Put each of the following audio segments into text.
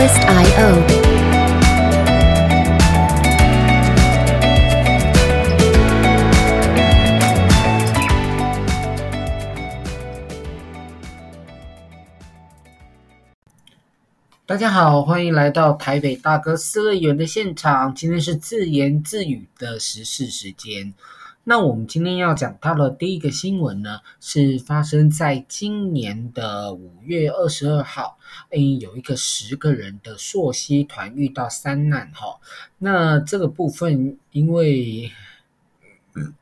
SIO 大家好，歡迎來到台北大哥四樂園的現場。今天是自言自語的時事時間。那我們今天要講到的第一個新聞呢，是發生在今年的五月二十二號，哎，有一個十個人的溯溪團遇到山難哈，哦。那這個部分，因為，嗯，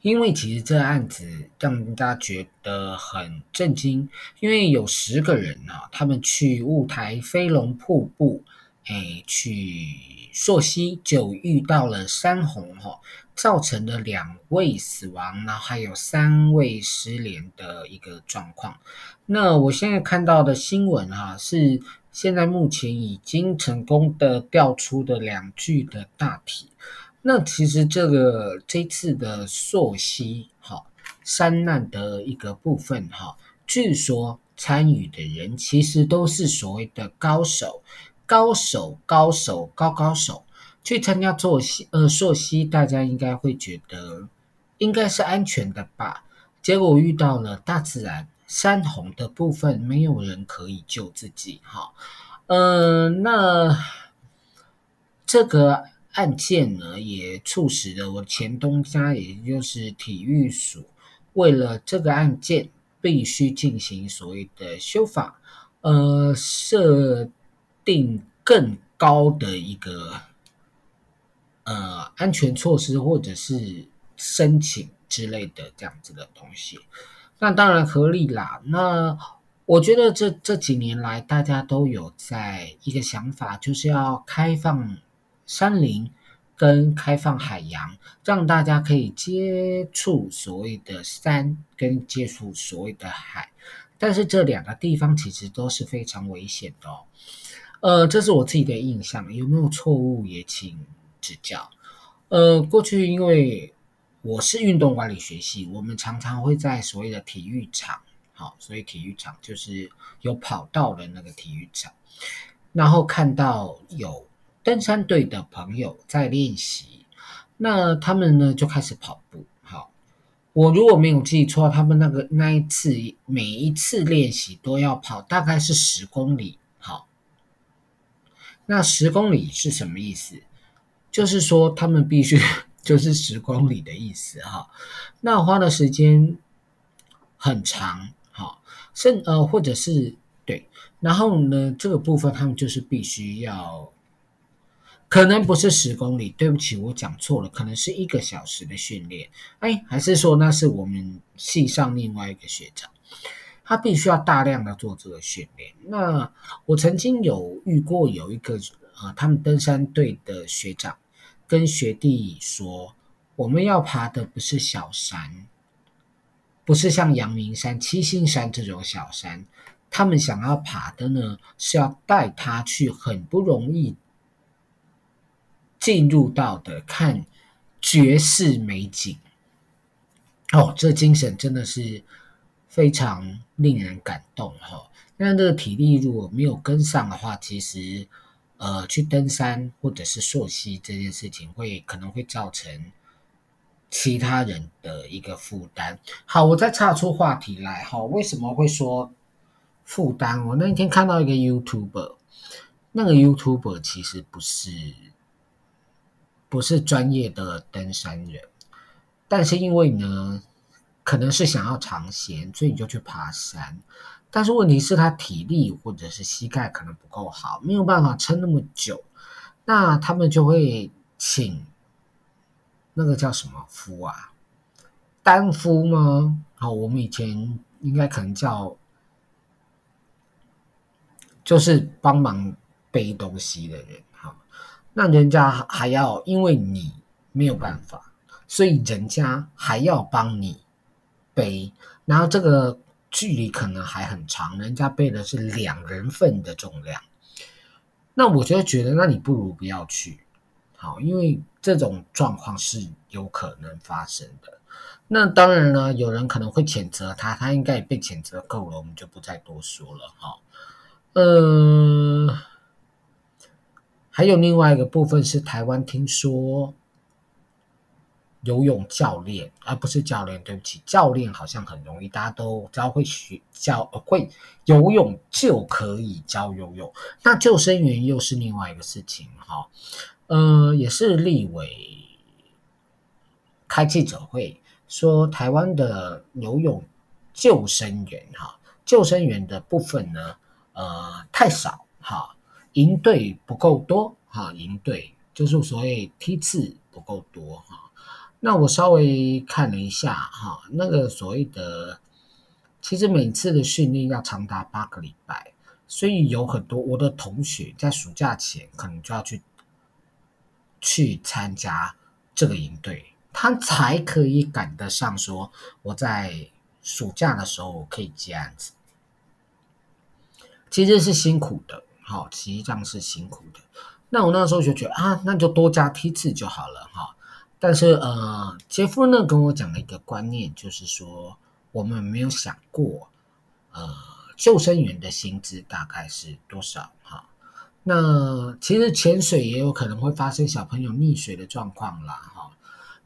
因為其實這個案子讓大家覺得很震驚，因為有十個人啊，哦，他們去霧台飛龍瀑布，哎，去溯溪就遇到了山洪哈，哦。造成了兩位死亡，然後還有三位失聯的一個狀況。那我現在看到的新聞啊，是現在目前已經成功的調出的兩具的大體。那其實這個這次的溯溪哈山難的一個部分哈，據說參與的人其實都是所謂的高手，高手，高手，高高手。去參加溯溪，呃，溯溪，大家應該會覺得應該是安全的吧？結果遇到了大自然山洪的部分，沒有人可以救自己。哈，呃，那這個案件呢，也促使了我前東家，也就是體育署，為了這個案件，必須進行所謂的修法，呃，設定更高的一個。呃，安全措施或者是申請之類的這樣子的東西，那當然合理啦。那我覺得這這幾年來，大家都有在一個想法，就是要開放山林跟開放海洋，讓大家可以接觸所謂的山跟接觸所謂的海。但是這兩個地方其實都是非常危險的哦。呃，這是我自己的印象，有沒有錯誤也請。執教，呃，過去因為我是運動管理學系，我們常常會在所謂的體育場，好，所以體育場就是有跑道的那個體育場，然後看到有登山隊的朋友在練習，那他們呢就開始跑步，好，我如果沒有記錯，他們那個那一次每一次練習都要跑大概是十公里，好，那十公里是什麼意思？就是說，他們必須就是十公里的意思哈、哦，那花的時間很長哈，甚呃，或者是對，然後呢，這個部分他們就是必須要，可能不是十公里，對不起，我講錯了，可能是一個小時的訓練，哎，還是說那是我們系上另外一個學長，他必須要大量的做這個訓練。那我曾經有遇過有一個。啊！他們登山隊的學長跟學弟說：“我們要爬的不是小山，不是像陽明山、七星山這種小山。他們想要爬的呢，是要帶他去很不容易進入到的，看絕世美景。”哦，這精神真的是非常令人感動哈！那這個體力如果沒有跟上的話，其實……呃，去登山或者是溯溪這件事情會，會可能會造成其他人的一個負擔。好，我再岔出話題來哈，為什麼會說負擔？我那一天看到一個 YouTuber，那個 YouTuber 其實不是不是專業的登山人，但是因為呢，可能是想要嘗鮮，所以你就去爬山。但是問題是，他體力或者是膝蓋可能不夠好，沒有辦法撐那麼久，那他們就會請那個叫什麼夫啊，擔夫嗎？好，我們以前應該可能叫，就是幫忙背東西的人。哈，那人家還要因為你沒有辦法，所以人家還要幫你背，然後這個。距離可能還很長，人家背的是兩人份的重量，那我就覺得，那你不如不要去，好，因為這種狀況是有可能發生的。那當然呢，有人可能會譴責他，他應該也被譴責夠了，我們就不再多說了，哈、哦。呃，還有另外一個部分是台灣，聽說。游泳教練，而、啊、不是教練。對不起，教練好像很容易，大家都教會學教會游泳就可以教游泳。那救生員又是另外一個事情哈、哦。呃，也是立委開記者會說，台灣的游泳救生員哈、哦，救生員的部分呢，呃，太少哈、哦，營隊不夠多哈、哦，營隊就是所謂梯次不夠多哈。哦那我稍微看了一下哈，那個所謂的，其實每次的訓練要長達八個禮拜，所以有很多我的同學在暑假前可能就要去去參加這個營隊，他才可以趕得上說我在暑假的時候可以接案子。其實是辛苦的，好，其實這樣是辛苦的。那我那時候就覺得啊，那就多加梯次就好了哈。但是，呃，傑夫呢，跟我講了一個觀念，就是說，我們沒有想過，呃，救生員的薪資大概是多少？哈，那其實潛水也有可能會發生小朋友溺水的狀況啦，哈，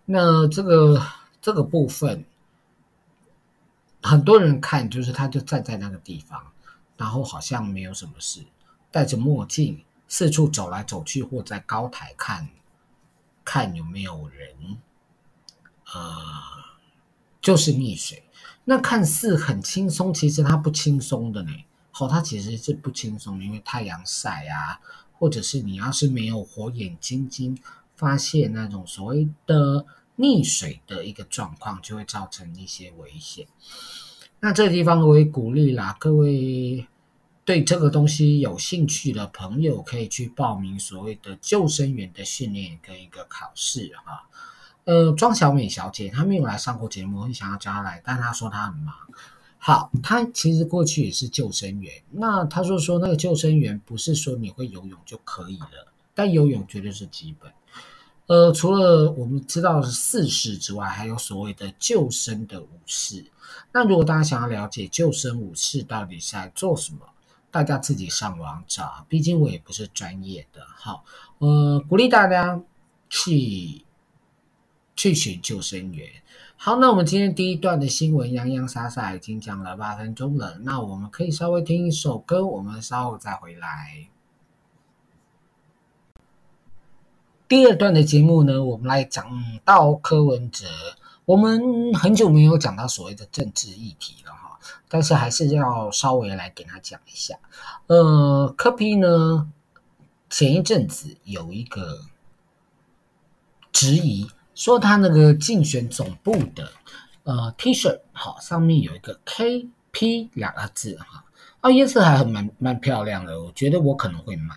那這個這個部分，很多人看就是他就站在那個地方，然後好像沒有什麼事，戴着墨鏡四處走來走去，或在高台看，看有沒有人，呃，就是溺水，那看似很輕鬆，其實它不輕鬆的呢。好、哦，它其實是不輕鬆，因為太陽曬啊，或者是你要是沒有火眼金睛發現那種所謂的溺水的一個狀況，就會造成一些危險。那這個地方我也鼓勵啦，各位。對這個東西有興趣的朋友，可以去報名所謂的救生員的訓練跟一個考試哈。呃，莊小美小姐她沒有來上過節目，我很想要叫她來，但她說她很忙。好，她其實過去也是救生員。那她就說那個救生員不是說你會游泳就可以了，但游泳絕對是基本。呃，除了我們知道四式之外，還有所謂的救生的五式。那如果大家想要了解救生五式到底是在做什麼？大家自己上網找，畢竟我也不是專業的。好，呃，鼓勵大家去去尋救生員。好，那我們今天第一段的新聞洋洋灑灑已經講了八分鐘了，那我們可以稍微聽一首歌，我們稍後再回來。第二段的節目呢，我們來講到柯文哲，我們很久沒有講到所謂的政治議題了。但是還是要稍微來給他講一下。呃，柯 P 呢，前一陣子有一個質疑，說他那個競選總部的呃 T 恤，shirt，好，上面有一個 K P 兩個字，哈，啊，顏色還很蠻蠻漂亮的，我覺得我可能會買。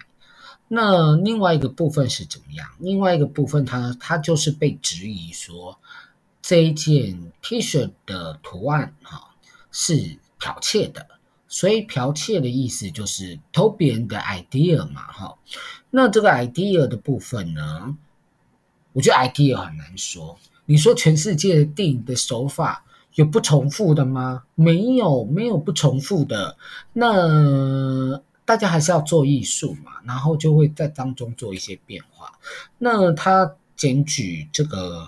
那另外一個部分是怎麼樣？另外一個部分他，他他就是被質疑說這一件 T 恤的圖案，哈。是剽竊的，所以剽竊的意思就是偷別人的 idea 嘛，哈。那這個 idea 的部分呢，我覺得 idea 很難說。你說全世界的電影的手法有不重複的嗎？沒有，沒有不重複的。那大家還是要做藝術嘛，然後就會在當中做一些變化。那他檢舉這個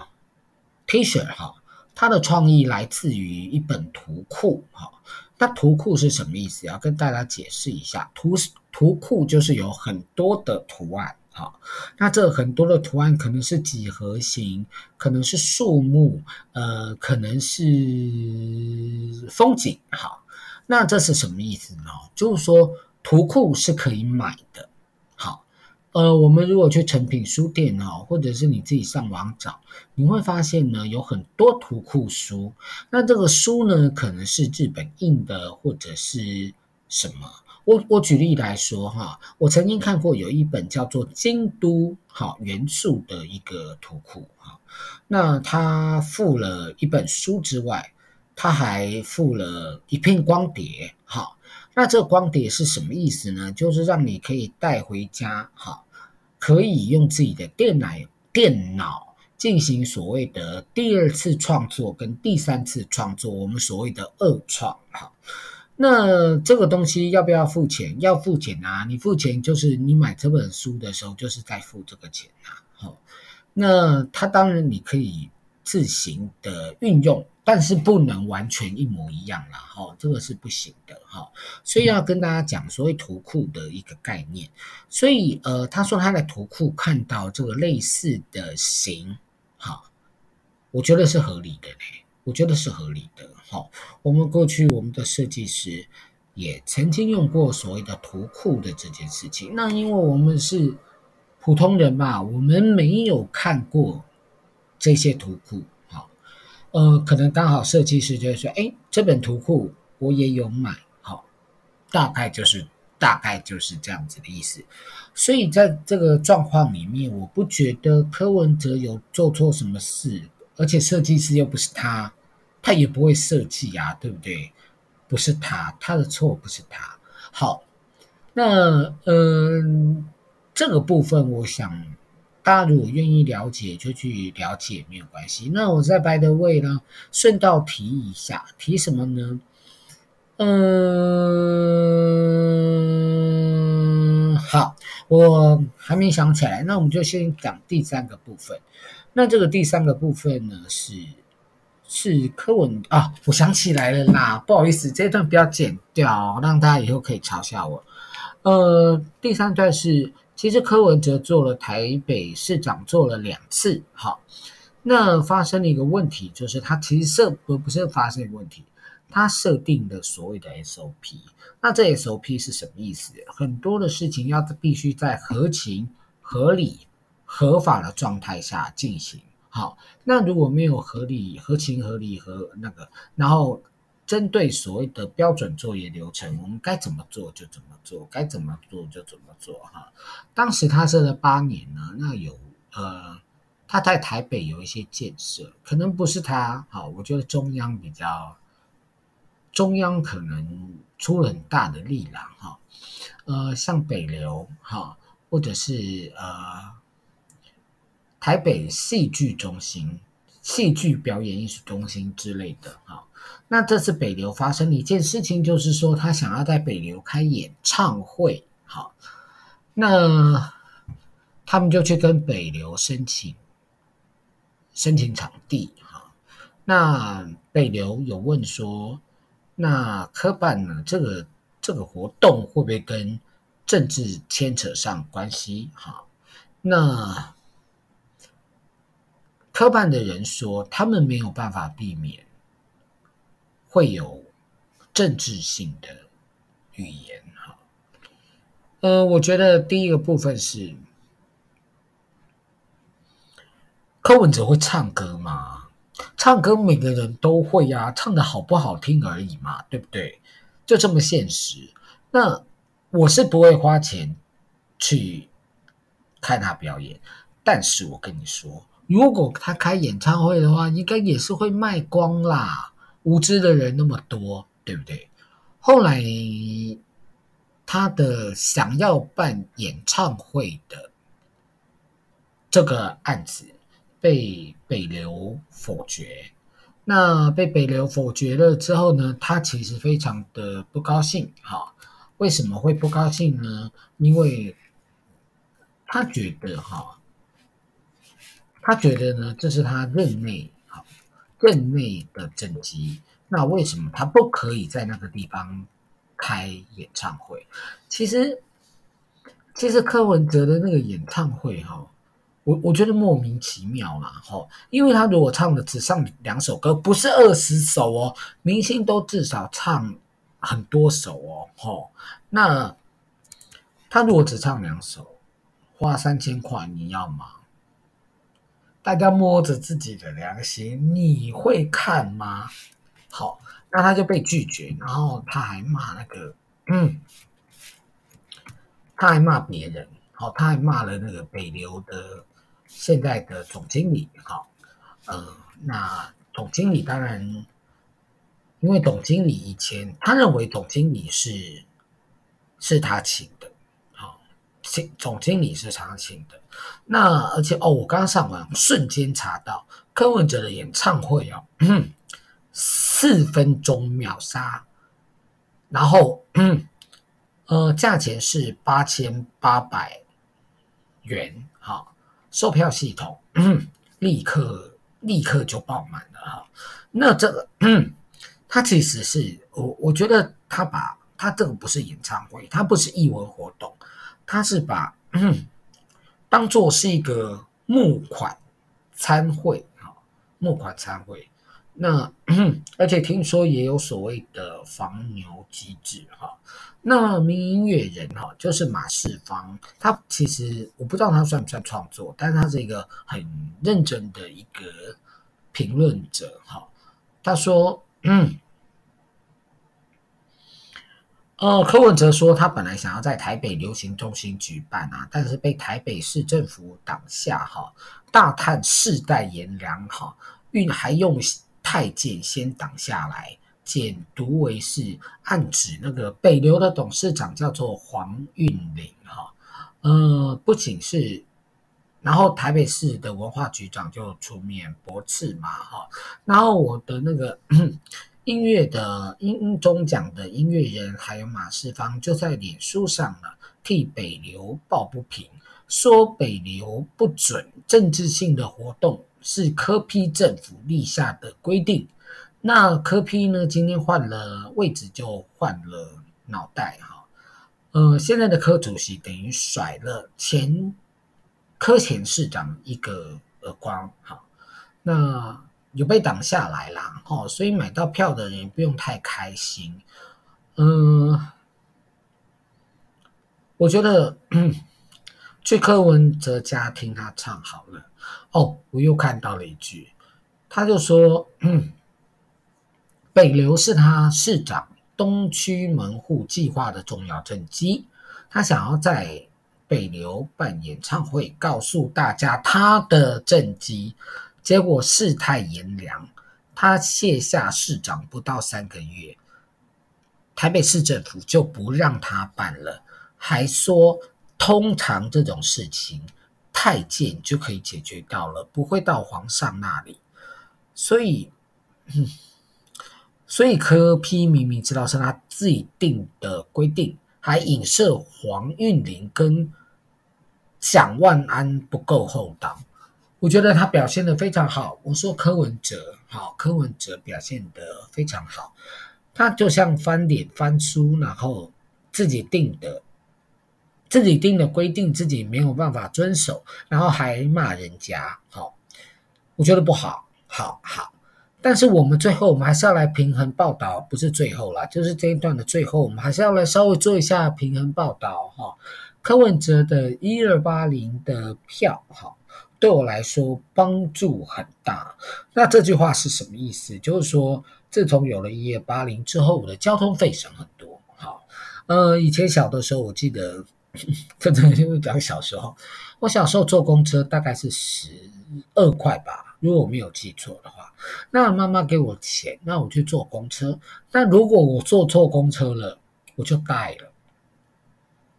t-shirt 哈。它的創意來自於一本圖庫，哈。那圖庫是什麼意思？要跟大家解釋一下，圖圖庫就是有很多的圖案，哈。那這很多的圖案可能是幾何形，可能是樹木，呃，可能是風景，哈。那這是什麼意思呢？就是說圖庫是可以買的。呃，我們如果去誠品書店哦，或者是你自己上網找，你會發現呢，有很多圖庫書。那這個書呢，可能是日本印的，或者是什麼？我我舉例來說哈，我曾經看過有一本叫做《京都》好元素的一個圖庫啊。那它附了一本書之外，它還附了一片光碟哈。那這光碟，是什麼意思呢？就是讓你可以帶回家，哈，可以用自己的電腦電腦進行所謂的第二次創作跟第三次創作，我們所謂的二創，哈。那這個東西要不要付錢？要付錢啊！你付錢就是你買這本書的時候就是在付這個錢啊，好。那他當然你可以。字形的運用，但是不能完全一模一樣啦，吼、哦，這個是不行的，哈、哦。所以要跟大家講所謂圖庫的一個概念。所以，呃，他說他在圖庫看到這個類似的型，哈、哦，我覺得是合理的嘞，我覺得是合理的，哈、哦。我們過去我們的設計師也曾經用過所謂的圖庫的這件事情，那因為我們是普通人嘛，我們沒有看過。這些圖庫，好，呃，可能剛好設計師就會說，誒，這本圖庫我也有買，好，大概就是大概就是這樣子的意思。所以在這個狀況裡面，我不覺得柯文哲有做錯什麼事，而且設計師又不是他，他也不會設計呀，對不對？不是他，他的錯不是他。好，那嗯，這個部分我想。大家如果願意了解，就去了解，沒有關係。那我在 by the way 呢，順道提一下，提什麼呢？嗯，好，我還沒想起來。那我們就先講第三個部分。那這個第三個部分呢，是是柯文啊，我想起來了啦，不好意思，這一段不要剪掉，讓大家以後可以嘲笑我。呃，第三段是。其實柯文哲，做了台北市長，做了兩次。好，那發生了一個問題，就是他其實設不不是發生一個問題，他設定的所謂的 SOP。那這 SOP 是什麼意思？很多的事情要必須在合情、合理、合法的狀態下進行。好，那如果沒有合理、合情合、合理和那個，然後。針對所謂的標準作業流程，我們該怎麼做就怎麼做，該怎麼做就怎麼做。哈、啊，當時他設了八年呢，那有呃，他在台北有一些建設，可能不是他，哈、啊，我覺得中央比較，中央可能出了很大的力量，哈、啊，呃，像北流，哈、啊，或者是呃、啊，台北戲劇中心、戲劇表演藝術中心之類的，哈、啊。那這次北流發生一件事情，就是說他想要在北流開演唱會，哈，那他們就去跟北流申請申請場地，哈，那北流有問說，那柯辦呢？這個這個活動會不會跟政治牽扯上關係？哈，那柯辦的人說，他們沒有辦法避免。會有政治性的語言哈、啊。呃，我覺得第一個部分是，柯文哲會唱歌嗎？唱歌每個人都會呀、啊，唱得好不好聽而已嘛，對不對？就這麼現實。那我是不會花錢去看他表演，但是我跟你說，如果他開演唱會的話，應該也是會賣光啦。無知的人那麼多，對不對？後來他的想要辦演唱會的這個案子被北流否決，那被北流否決了之後呢，他其實非常的不高興。哈，為什麼會不高興呢？因為他覺得，哈，他覺得呢，這是他任內。任內的政績，那為什麼他不可以在那個地方開演唱會？其實，其實柯文哲的那個演唱會哈、哦，我我覺得莫名其妙啦，哈、哦，因為他如果唱的只上兩首歌，不是二十首哦，明星都至少唱很多首哦，哈、哦，那他如果只唱兩首，花三千塊，你要嗎？大家摸着自己的良心，你會看嗎？好，那他就被拒絕，然後他還罵那個，嗯，他還罵別人，好、哦，他還罵了那個北流的現在的總經理，好、哦，呃，那總經理當然，因為總經理以前他認為總經理是，是他請的，好、哦，總總經理是他請的。那而且哦，我剛上網瞬間查到柯文哲的演唱會哦，四、嗯、分鐘秒殺，然後、嗯、呃，價錢是八千八百元，哈、哦，售票系統、嗯、立刻立刻就爆滿了哈、哦。那這個他、嗯、其實是我我覺得他把他這個不是演唱會，他不是藝文活動，他是把。嗯當做是一個募款餐會，哈，募款餐會，那而且聽說也有所謂的防牛機制，哈，那名音樂人哈，就是馬世芳，他其實我不知道他算不算創作，但是他是一個很認真的一個評論者，哈，他說。嗯呃，柯文哲說他本來想要在台北流行中心舉辦啊，但是被台北市政府擋下哈，大嘆世代炎涼哈，運還用太監先擋下來，簡讀為是暗指那個北流的董事長叫做黃韻玲哈，呃，不僅是，然後台北市的文化局長就出面駁斥嘛哈，然後我的那個。音樂的音中獎的音樂人，還有馬世芳，就在臉書上呢替北流抱不平，說北流不准政治性的活動，是柯 P 政府立下的規定。那柯 P 呢，今天換了位置，就換了腦袋哈。呃，現在的柯主席等於甩了前柯前市長一個耳光哈。那。有被擋下來啦，哦，所以買到票的人不用太開心。嗯、呃，我覺得，嗯，去柯文哲家聽他唱好了。哦，我又看到了一句，他就說：“嗯，北流是他市長東區門戶計劃的重要政績，他想要在北流辦演唱會，告訴大家他的政績。”結果世態炎涼，他卸下市長不到三個月，台北市政府就不讓他辦了，還說通常這種事情太監就可以解決掉了，不會到皇上那裡。所以，嗯，所以柯 P 明明知道是他自己定的規定，還影射黃韻玲跟蔣萬安不夠厚道。我覺得他表現得非常好。我說柯文哲，好，柯文哲表現得非常好。他就像翻臉翻書，然後自己定的，自己定的規定自己沒有辦法遵守，然後還罵人家，好，我覺得不好，好，好。但是我們最後我們還是要來平衡報道，不是最後啦，就是這一段的最後，我們還是要來稍微做一下平衡報道哈。柯文哲的一二八零的票，好。對我來說，幫助很大。那這句話是什麼意思？就是說，自從有了1280之後，我的交通費省很多。好，呃，以前小的時候，我記得，剛剛就是講小時候，我小時候坐公車大概是十二塊吧，如果我沒有記錯的話。那媽媽給我錢，那我去坐公車。那如果我坐錯公車了，我就呆了，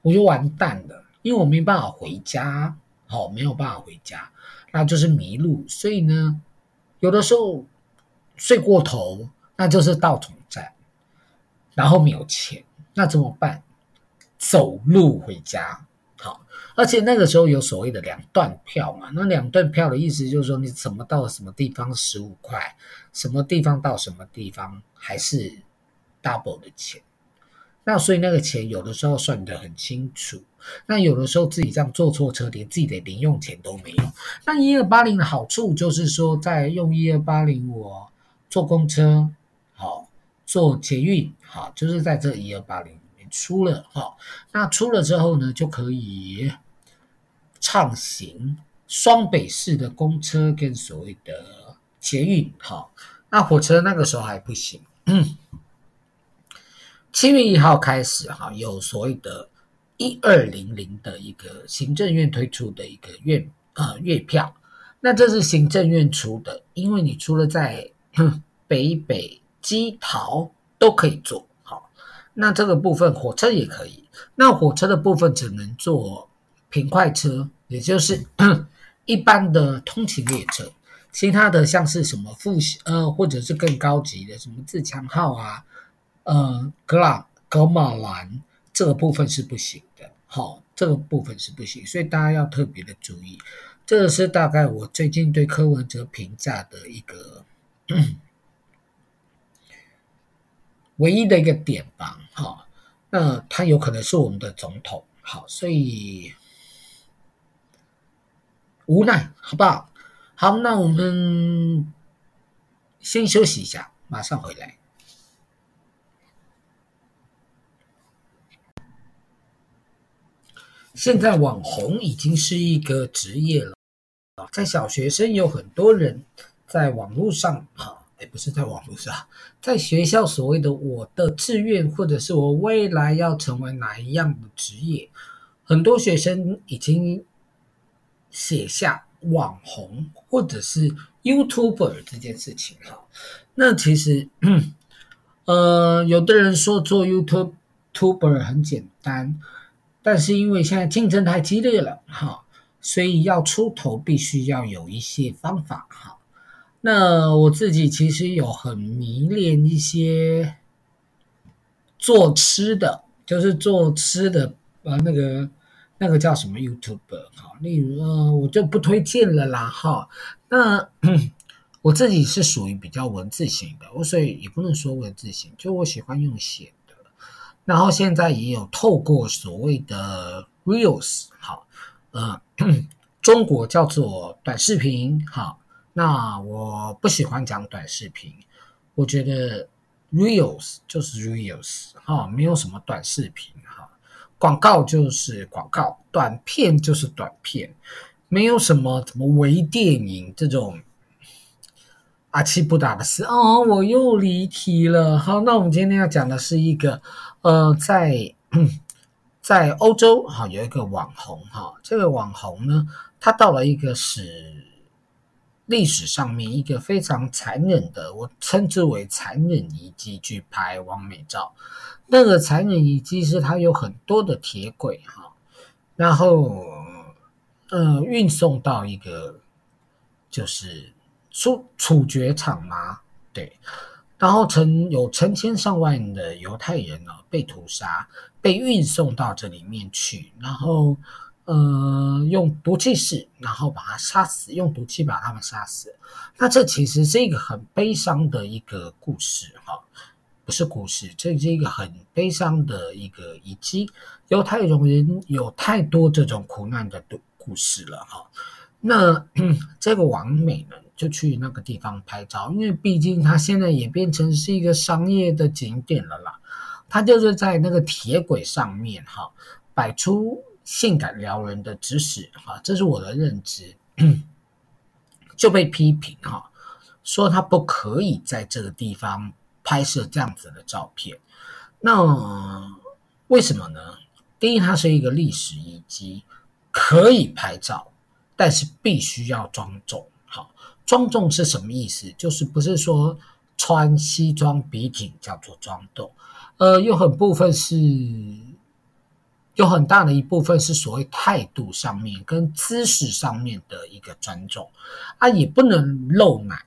我就完蛋了，因為我沒辦法回家。好，沒有辦法回家，那就是迷路。所以呢，有的時候睡過頭，那就是到總站，然後沒有錢，那怎麼辦？走路回家，好，而且那個時候有所謂的兩段票嘛。那兩段票的意思就是說，你怎麼到什麼地方十五塊，什麼地方到什麼地方還是 double 的錢。那所以那個錢有的時候算得很清楚，那有的時候自己這樣坐錯車，連自己的零用錢都沒有。那一二八零的好處就是說，在用一二八零我坐公車好，坐捷運好，就是在這一二八零裡面出了好，那出了之後呢，就可以暢行雙北市的公車跟所謂的捷運好。那火車那個時候還不行。嗯。七月一號開始，哈，有所謂的“一二零零”的一個行政院推出的一個月、呃、月票，那這是行政院出的，因為你除了在北北基桃都可以坐，好，那這個部分火車也可以，那火車的部分只能坐平快車，也就是一般的通勤列車，其他的像是什麼復興，呃，或者是更高級的什麼自強號啊。呃，格朗格馬蘭這個部分是不行的，好、哦，這個部分是不行的，所以大家要特別的注意。這是大概我最近對柯文哲評價的一個唯一的一個點吧。好、哦，那他有可能是我們的總統，好，所以無奈，好不好？好，那我們先休息一下，馬上回來。現在網紅已經是一個職業了，在小學生有很多人在網絡上啊，也不是在網絡上，在學校所謂的我的志願或者是我未來要成為哪一樣的職業，很多學生已經寫下網紅或者是 YouTuber 這件事情了。那其實，嗯，呃，有的人說做 YouTuber 很簡單。但是因為現在競爭太激烈了，哈，所以要出頭必須要有一些方法，哈。那我自己其實有很迷戀一些做吃的，就是做吃的，啊、呃，那個那個叫什麼 YouTuber，哈。例如、呃，我就不推薦了啦，哈。那我自己是屬於比較文字型的，我所以也不能說文字型，就我喜歡用寫，然後現在也有透過所謂的 Reels，好，呃，中國叫做短視頻，好，那我不喜歡講短視頻，我覺得 Reels 就是 Reels，哈，沒有什麼短視頻，哈，廣告就是廣告，短片就是短片，沒有什麼什麼微電影這種。阿、啊、七不打不死，啊、哦、我又離題了，好，那我們今天要講的是一個。呃，在在歐洲哈，有一個網紅哈，這個網紅呢，他到了一個史、歷史上面一個非常殘忍的，我稱之為殘忍遺跡去拍網美照。那個殘忍遺跡是它有很多的鐵軌哈，然後呃運送到一個就是處處決場嘛，對。然後成有成千上萬的猶太人哦被屠殺，被運送到這裡面去，然後，呃，用毒氣室，然後把他殺死，用毒氣把他們殺死。那這其實是一個很悲傷的一個故事，哈，不是故事，這是一個很悲傷的一個遺跡。猶太人有太多這種苦難的故故事了，哈。那這個網美呢，就去那個地方拍照，因為畢竟它現在也變成是一個商業的景點了啦。他就是在那個鐵軌上面哈、啊，擺出性感撩人的姿勢哈，這是我的認知，就被批評哈、啊，說他不可以在這個地方拍攝這樣子的照片。那、呃、為什麼呢？第一，它是一個歷史遺跡，可以拍照，但是必須要莊重。莊重是什麼意思？就是不是說穿西裝筆挺叫做莊重？呃，有很部分是，有很大的一部分是所謂態度上面跟知識上面的一個尊重，啊，也不能露奶。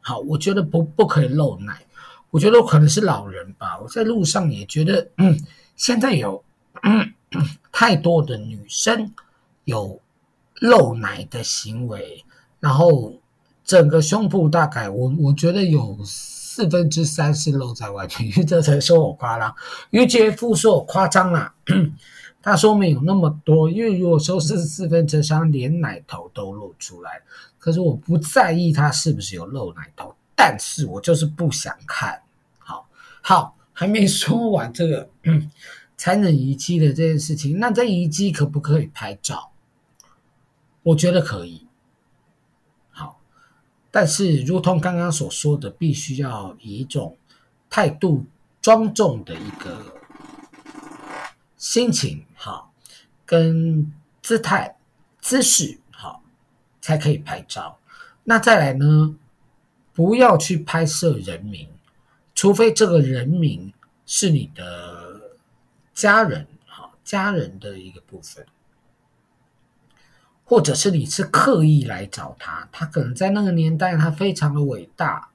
好，我覺得不不可以露奶。我覺得我可能是老人吧。我在路上也覺得，嗯，現在有，嗯，太多的女生有露奶的行為，然後。整個胸部大概我我覺得有四分之三是露在外面，於這才說我誇張，於杰夫說我誇張了，啊，他說沒有那麼多，因為如果說是四分之三連奶頭都露出來，可是我不在意他是不是有露奶頭，但是我就是不想看。好，好，還沒說完這個嗯，殘忍遺跡的這件事情，那這遺跡可不可以拍照？我覺得可以。但是，如同剛剛所說的，必須要以一種態度莊重的一個心情，哈跟姿態、姿勢哈才可以拍照。那再來呢？不要去拍攝人名，除非這個人名是你的家人，哈，家人的一個部分。或者是你是刻意來找他，他可能在那個年代他非常的偉大，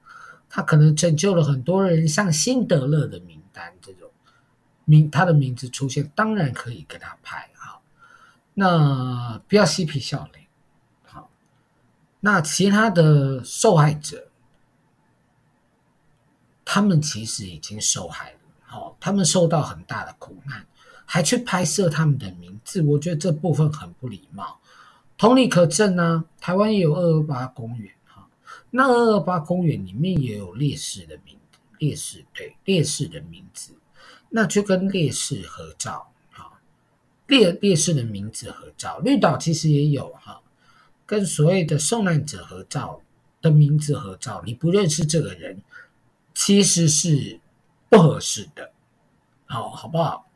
他可能拯救了很多人，像辛德勒的名單這種名，他的名字出現當然可以給他拍好，那不要嬉皮笑臉，好，那其他的受害者，他們其實已經受害了，好、哦，他們受到很大的苦難，還去拍攝他們的名字，我覺得這部分很不禮貌。同理可證啊，台灣也有二二八公園哈，那二二八公園裡面也有烈士的名字，烈士，對，烈士的名字，那就跟烈士合照哈，烈烈士的名字合照。綠島其實也有哈，跟所謂的受難者合照的名字合照，你不認識這個人，其實是不合適的，好，好不好？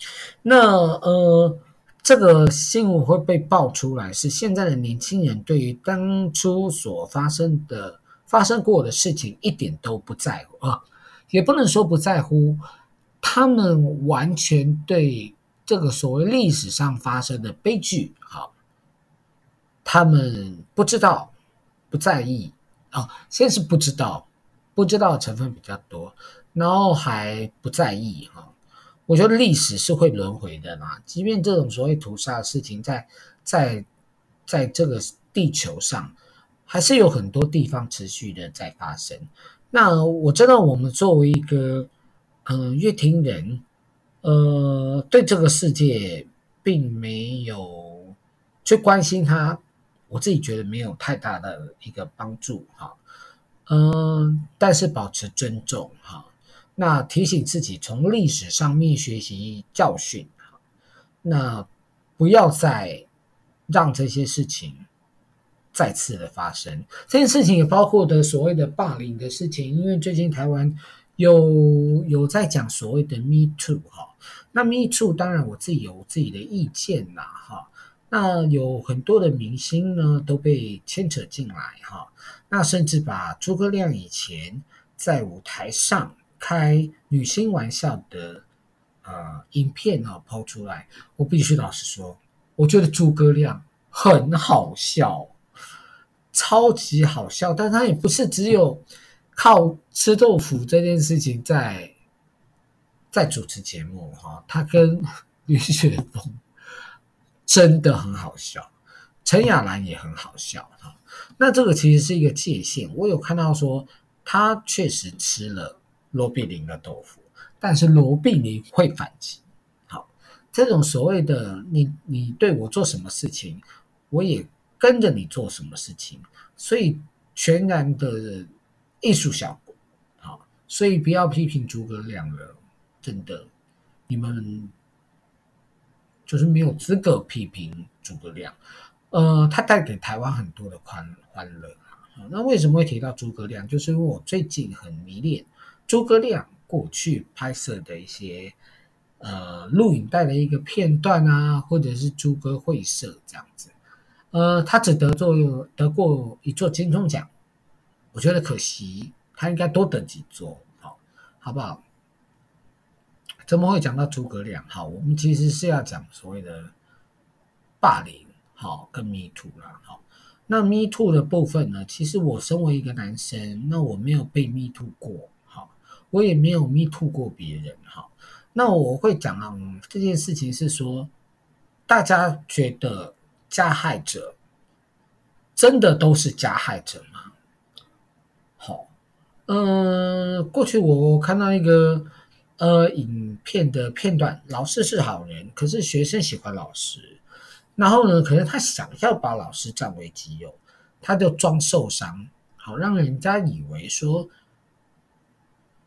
那呃。這個新聞會被爆出來，是現在的年輕人對於當初所發生的、發生過的事情一點都不在乎啊，也不能說不在乎，他們完全對這個所謂歷史上發生的悲劇啊，他們不知道、不在意啊，先是不知道，不知道成分比較多，然後還不在意啊。我覺得歷史是會輪迴的啦，即便這種所謂屠殺的事情在，在在在這個地球上，還是有很多地方持續的在發生。那我知道我們作為一個嗯、呃、閱聽人，呃，對這個世界並沒有去關心他，我自己覺得沒有太大的一個幫助哈，嗯、哦呃，但是保持尊重哈。哦那提醒自己從歷史上面學習教訓，那不要再讓這些事情再次的發生。這件事情也包括的所謂的霸凌的事情，因為最近台灣有有在講所謂的 Me Too 哈。那 Me Too 當然我自己有自己的意見啦，哈。那有很多的明星呢都被牽扯進來哈。那甚至把諸葛亮以前在舞台上。開女性玩笑的呃影片啊，哦，拋出來，我必須老實說，我覺得豬哥亮很好笑，超級好笑。但他也不是只有靠吃豆腐這件事情在在主持節目哈，哦。他跟李雪峰真的很好笑，陳亞蘭也很好笑哈，哦。那這個其實是一個界限。我有看到說，他確實吃了。羅碧玲的豆腐，但是羅碧玲會反擊。好，這種所謂的你你對我做什麼事情，我也跟着你做什麼事情，所以全然的藝術效果。好，所以不要批評諸葛亮了，真的，你們就是沒有資格批評諸葛亮。呃，他帶給臺灣很多的歡歡樂。好，那為什麼會提到諸葛亮？就是因為我最近很迷戀。諸葛亮過去拍攝的一些呃錄影帶的一個片段啊，或者是諸葛會社這樣子，呃，他只得座得過一座金鐘獎，我覺得可惜，他應該多得幾座，好，好不好？怎麼會講到諸葛亮？哈，我們其實是要講所謂的霸凌，好，跟 me too 啦，好，那 me too 的部分呢，其實我身為一個男生，那我沒有被 me too 過。我也沒有 me too 過別人哈，那我會講啊、嗯，這件事情是說，大家覺得加害者真的都是加害者嗎？好、哦，嗯、呃，過去我看到一個呃影片的片段，老師是好人，可是學生喜歡老師，然後呢，可能他想要把老師佔為己有，他就裝受傷，好讓人家以為說。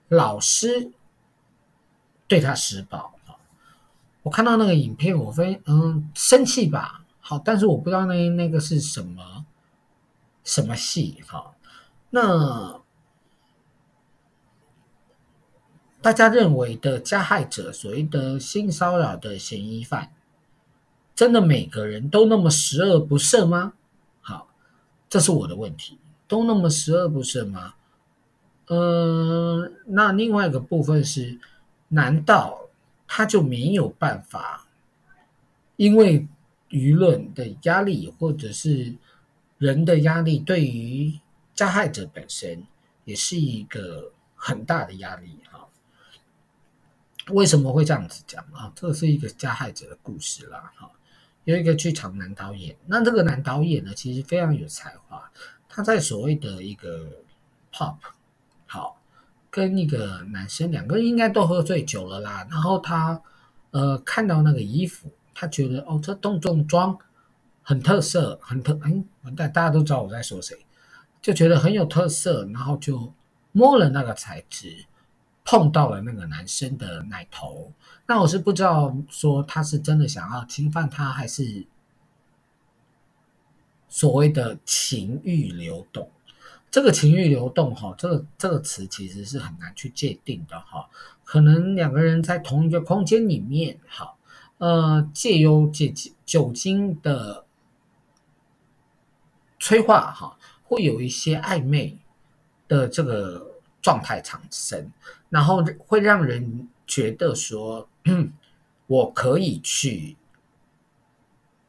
老師對他施暴，我看到那個影片，我非嗯生氣吧。好，但是我不知道那那個是什麼什麼戲哈。那大家認為的加害者，所謂的性騷擾的嫌疑犯，真的每個人都那麼十惡不赦嗎？好，這是我的問題，都那麼十惡不赦嗎？嗯，呃、那另外一個部分是，難道他就沒有辦法？因為輿論的壓力，或者是人的壓力，對於加害者本身也是一個很大的壓力哈、哦。為什麼會這樣子講啊？這是一個加害者的故事啦，哈。有一個劇場男導演，那這個男導演呢，其實非常有才華，他在所謂的一個 pop。好，跟那個男生兩個人應該都喝醉酒了啦。然後他，呃，看到那個衣服，他覺得哦，這洞洞裝很特色，很特，嗯，大家都知道我在說誰，就覺得很有特色。然後就摸了那個材質，碰到了那個男生的奶頭。那我是不知道，說他是真的想要侵犯他，還是所謂的情慾流動？這個情欲流動，哈，這個這個詞其實是很難去界定的，哈。可能兩個人在同一個空間裡面，哈，呃，借由借酒酒精的催化，哈，會有一些曖昧的這個狀態產生，然後會讓人覺得說，嗯，我可以去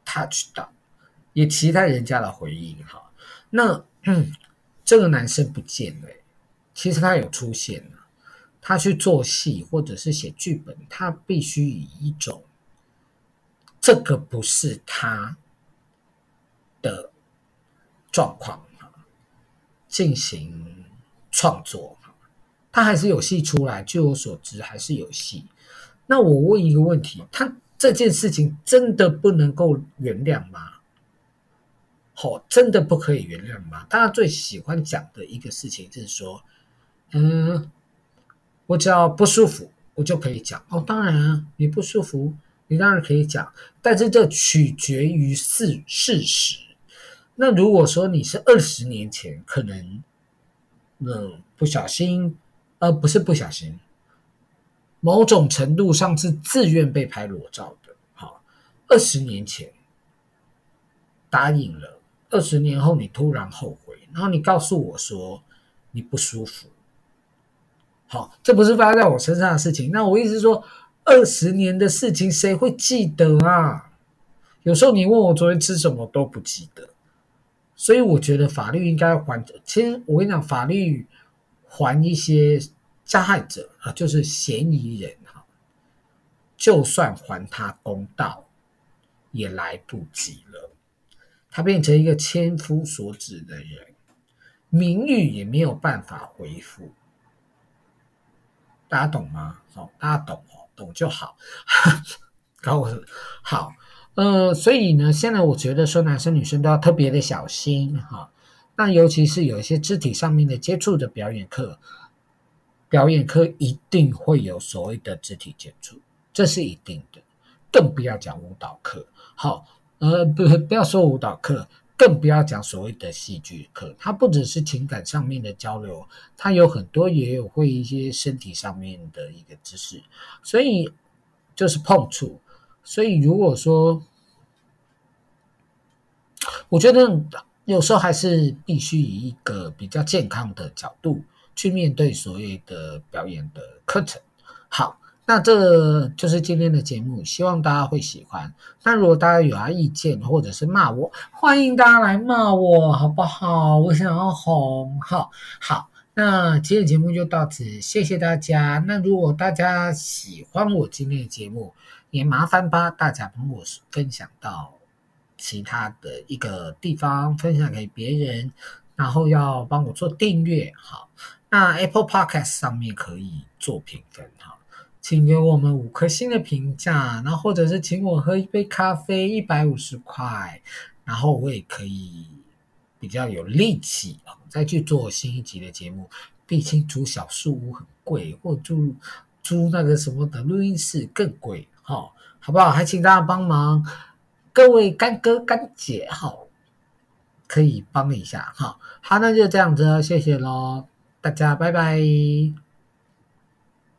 touch 到，也期待人家的回應，哈。那，嗯這個男生不見了，其實他有出現，他去做戲或者是寫劇本，他必須以一種這個不是他的狀況啊進行創作，他還是有戲出來，據我所知還是有戲。那我問一個問題，他這件事情真的不能夠原諒嗎？哦、真的不可以原諒嗎？大家最喜歡講的一個事情就是說，嗯，我只要不舒服，我就可以講。哦，當然啊，你不舒服，你當然可以講，但是這取決於事事實。那如果說你是二十年前，可能，嗯，不小心，呃，不是不小心，某種程度上是自願被拍裸照的。好、哦，二十年前答應了。二十年後，你突然後悔，然後你告訴我說你不舒服，好，這不是發生在我身上的事情。那我意思是說，二十年的事情誰會記得啊？有時候你問我昨天吃什麼都不記得，所以我覺得法律應該還。其實我跟你講，法律還一些加害者啊，就是嫌疑人哈，就算還他公道，也來不及了。他變成一個千夫所指的人，名譽也沒有辦法恢復，大家懂嗎？好、哦，大家懂哦，懂就好。 搞我好，呃，所以呢，現在我覺得說男生女生都要特別的小心哈。那、哦、尤其是有一些肢體上面的接觸的表演課，表演課一定會有所謂的肢體接觸，這是一定的，更不要講舞蹈課。好、哦。呃，不，不要說舞蹈課，更不要講所謂的戲劇課。它不只是情感上面的交流，它有很多也有會一些身體上面的一個知識，所以就是碰觸。所以如果說，我覺得有時候還是必須以一個比較健康的角度去面對所謂的表演的課程。好。那這就是今天的節目，希望大家會喜歡。那如果大家有啥意見或者是罵我，歡迎大家來罵我，好不好？我想要紅，好好。那今天節目就到此，謝謝大家。那如果大家喜歡我今天的節目，也麻煩把大家幫我分享到其他的一個地方，分享給別人，然後要幫我做訂閱，好。那 Apple Podcast 上面可以做評分，哈。請給我們五顆星的評價，然後或者是請我喝一杯咖啡，一百五十塊，然後我也可以比較有力氣、哦、再去做新一集的節目。畢竟租小樹屋很貴，或者租租那個什麼的錄音室更貴，哈、哦，好不好？還請大家幫忙，各位乾哥乾姐，好，可以幫一下哈。好、哦，那就這樣子，謝謝嘍，大家，拜拜。